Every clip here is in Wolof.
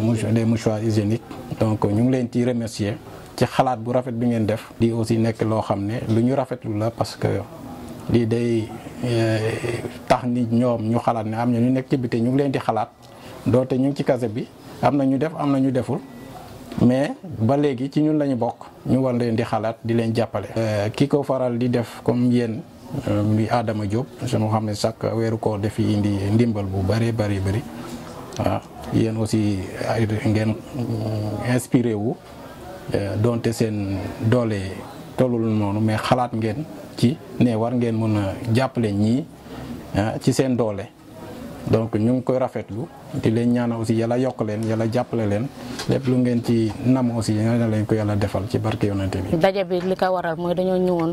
mouchoir des mouchoirs hygiéniques donc ñu ngi leen ci remercier ci xalaat bu rafet bi ngeen def di aussi nekk loo xam ne lu ñu rafetlu la parce que lii day euh, tax nit ñoom ñu xalaat ne am na ñu nekk ci biti ñu ngi leen di xalaat doote ñu ngi ci kase bi am na ñu def am na ñu deful mais ba léegi ci ñun lañu bokk ñu war leen di xalaat di leen jàppale euh, ki ko faral di def comme yéen euh, muy Adama Diop su ma xam ne chaque weeru koo defi indi ndimbal bu bëree bëri bëri ah yéen aussi ay ngeen mm, inspiré wu euh, donte seen doole tollul noonu mais xalaat ngeen ci ne war ngeen mën a jàppale ñii ah, ci seen doole donc ñu ngi koy rafetlu di leen ñaana aussi yàlla yokk leen yàlla jàppale leen lépp lu ngeen ci nam aussi yal na leen ko yàlla defal ci barke yonente bi. daje bi li ko waral mooy dañoo ñëwoon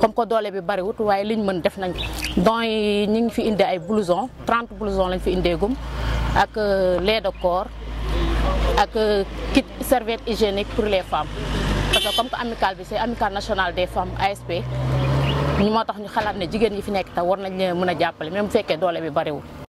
comme que doole bi bariwut waaye liñ mën def nañ don yi ñu ngi fi indi ay blouson 30 blouson lañ fi indee ak euh, lait de corps ak euh, kit serviette hygiénique pour les femmes parce que comme que amicale bi c'est amicale nationale des femmes ASP moo tax ñu xalaat ne jigéen ñi fi nekk te war nañ leen mën a jàppale même bu fekkee doole bi bariwul